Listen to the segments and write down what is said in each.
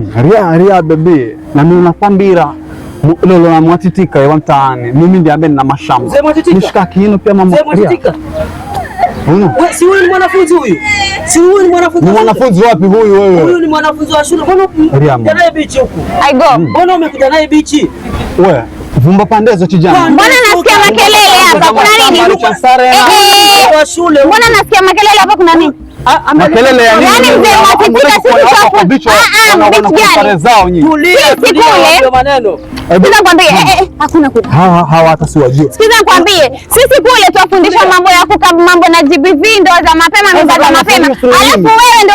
ria ria bebe nami nakwambira lolo na mwatitika wa mtaani mimi ndi ambaye nina mashamba nishika kiino pia mama Si huyu ni mwanafunzi huyu? Si huyu ni mwanafunzi? mwanafunzi wapi huyu wewe? Huyu ni mwanafunzi wa shule. Mbona umekuja naye bichi huku? Aigo. Mm. Mbona umekuja naye bichi? Wewe, vumba pandezo kijana. Eh, eh, eh. Mbona nasikia makelele hapa? Kuna nini? Mbona nasikia makelele hapa? Kuna nini? makelele ya nini? Hawa hata si Sikiza nikwambie, sisi kule twafundishwa mambo ya kuka mambo na GBV, ndoa za mapema, mimba za mapema. Alafu wewe ndio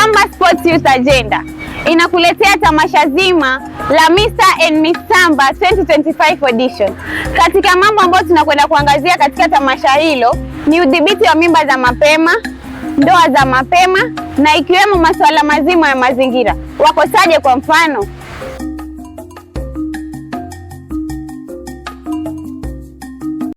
Samba Sports Youth Agenda inakuletea tamasha zima la Mr and Miss Samba 2025 edition. Katika mambo ambayo tunakwenda kuangazia katika tamasha hilo ni udhibiti wa mimba za mapema, ndoa za mapema na ikiwemo masuala mazima ya mazingira. Wakosaje kwa mfano?